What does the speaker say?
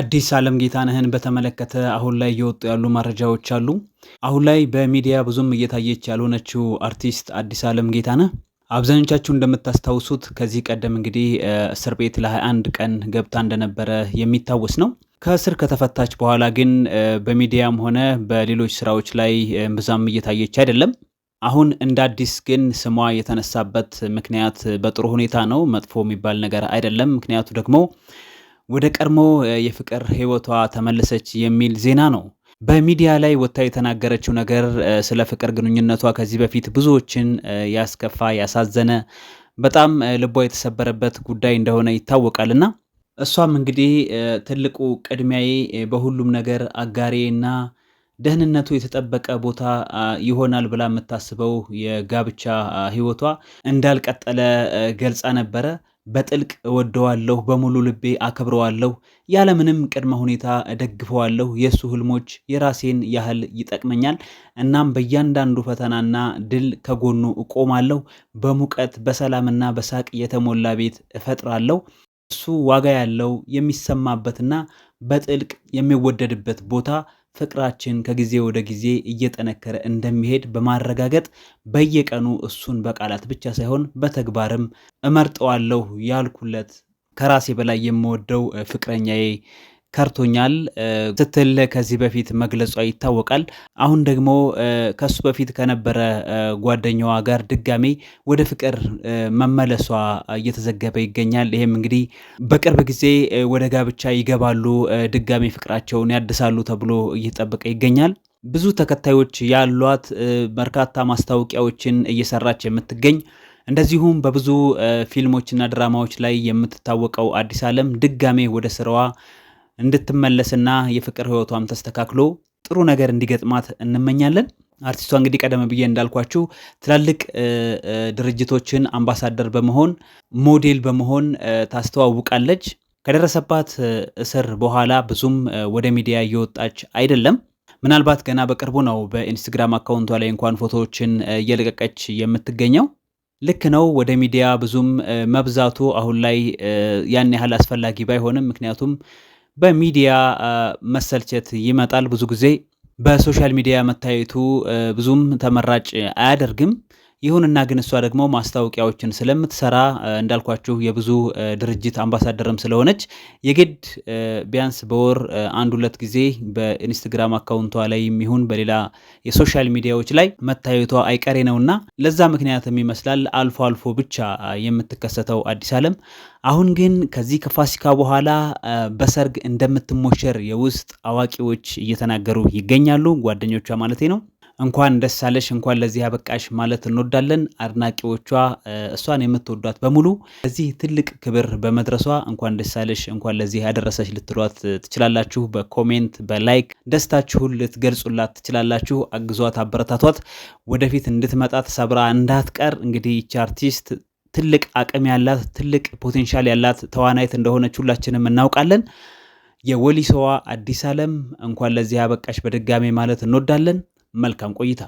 አዲስ ዓለም ጌታነህን በተመለከተ አሁን ላይ እየወጡ ያሉ መረጃዎች አሉ። አሁን ላይ በሚዲያ ብዙም እየታየች ያልሆነችው አርቲስት አዲስ ዓለም ጌታነህ አብዛኞቻችሁ እንደምታስታውሱት ከዚህ ቀደም እንግዲህ እስር ቤት ለ21 ቀን ገብታ እንደነበረ የሚታወስ ነው። ከእስር ከተፈታች በኋላ ግን በሚዲያም ሆነ በሌሎች ስራዎች ላይ ብዛም እየታየች አይደለም። አሁን እንደ አዲስ ግን ስሟ የተነሳበት ምክንያት በጥሩ ሁኔታ ነው። መጥፎ የሚባል ነገር አይደለም። ምክንያቱ ደግሞ ወደ ቀድሞ የፍቅር ህይወቷ ተመለሰች የሚል ዜና ነው። በሚዲያ ላይ ወጥታ የተናገረችው ነገር ስለ ፍቅር ግንኙነቷ ከዚህ በፊት ብዙዎችን ያስከፋ፣ ያሳዘነ በጣም ልቧ የተሰበረበት ጉዳይ እንደሆነ ይታወቃልና እሷም እንግዲህ ትልቁ ቅድሚያዬ በሁሉም ነገር አጋሬ ደህንነቱ የተጠበቀ ቦታ ይሆናል ብላ የምታስበው የጋብቻ ህይወቷ እንዳልቀጠለ ገልጻ ነበረ። በጥልቅ እወደዋለሁ፣ በሙሉ ልቤ አከብረዋለሁ፣ ያለምንም ቅድመ ሁኔታ እደግፈዋለሁ። የእሱ ህልሞች የራሴን ያህል ይጠቅመኛል። እናም በእያንዳንዱ ፈተናና ድል ከጎኑ እቆማለሁ። በሙቀት በሰላምና በሳቅ የተሞላ ቤት እፈጥራለሁ። እሱ ዋጋ ያለው የሚሰማበትና በጥልቅ የሚወደድበት ቦታ ፍቅራችን ከጊዜ ወደ ጊዜ እየጠነከረ እንደሚሄድ በማረጋገጥ በየቀኑ እሱን በቃላት ብቻ ሳይሆን በተግባርም እመርጠዋለሁ ያልኩለት ከራሴ በላይ የምወደው ፍቅረኛዬ ከርቶኛል ስትል ከዚህ በፊት መግለጿ ይታወቃል። አሁን ደግሞ ከሱ በፊት ከነበረ ጓደኛዋ ጋር ድጋሜ ወደ ፍቅር መመለሷ እየተዘገበ ይገኛል። ይህም እንግዲህ በቅርብ ጊዜ ወደ ጋብቻ ይገባሉ፣ ድጋሜ ፍቅራቸውን ያድሳሉ ተብሎ እየተጠበቀ ይገኛል። ብዙ ተከታዮች ያሏት በርካታ ማስታወቂያዎችን እየሰራች የምትገኝ እንደዚሁም በብዙ ፊልሞችና ድራማዎች ላይ የምትታወቀው አዲስ ዓለም ድጋሜ ወደ ስራዋ እንድትመለስና የፍቅር ህይወቷም ተስተካክሎ ጥሩ ነገር እንዲገጥማት እንመኛለን። አርቲስቷ እንግዲህ ቀደም ብዬ እንዳልኳችሁ ትላልቅ ድርጅቶችን አምባሳደር በመሆን ሞዴል በመሆን ታስተዋውቃለች። ከደረሰባት እስር በኋላ ብዙም ወደ ሚዲያ እየወጣች አይደለም። ምናልባት ገና በቅርቡ ነው በኢንስትግራም አካውንቷ ላይ እንኳን ፎቶዎችን እየለቀቀች የምትገኘው። ልክ ነው ወደ ሚዲያ ብዙም መብዛቱ አሁን ላይ ያን ያህል አስፈላጊ ባይሆንም ምክንያቱም በሚዲያ መሰልቸት ይመጣል ብዙ ጊዜ በሶሻል ሚዲያ መታየቱ ብዙም ተመራጭ አያደርግም። ይሁንና ግን እሷ ደግሞ ማስታወቂያዎችን ስለምትሰራ እንዳልኳችሁ የብዙ ድርጅት አምባሳደርም ስለሆነች የግድ ቢያንስ በወር አንድ ሁለት ጊዜ በኢንስትግራም አካውንቷ ላይ የሚሆን በሌላ የሶሻል ሚዲያዎች ላይ መታየቷ አይቀሬ ነውና ለዛ ምክንያትም ይመስላል አልፎ አልፎ ብቻ የምትከሰተው አዲስ አለም አሁን ግን ከዚህ ከፋሲካ በኋላ በሰርግ እንደምትሞሸር የውስጥ አዋቂዎች እየተናገሩ ይገኛሉ። ጓደኞቿ ማለቴ ነው። እንኳን ደስ አለሽ፣ እንኳን ለዚህ አበቃሽ ማለት እንወዳለን። አድናቂዎቿ፣ እሷን የምትወዷት በሙሉ ለዚህ ትልቅ ክብር በመድረሷ እንኳን ደስ አለሽ፣ እንኳን ለዚህ ያደረሰች ልትሏት ትችላላችሁ። በኮሜንት በላይክ ደስታችሁን ልትገልጹላት ትችላላችሁ። አግዟት፣ አበረታቷት፣ ወደፊት እንድትመጣ ተሰብራ እንዳትቀር። እንግዲህ ይቺ አርቲስት ትልቅ አቅም ያላት ትልቅ ፖቴንሻል ያላት ተዋናይት እንደሆነች ሁላችንም እናውቃለን። የወሊሶዋ አዲስ ዓለም እንኳን ለዚህ አበቃሽ በድጋሜ ማለት እንወዳለን። መልካም ቆይታ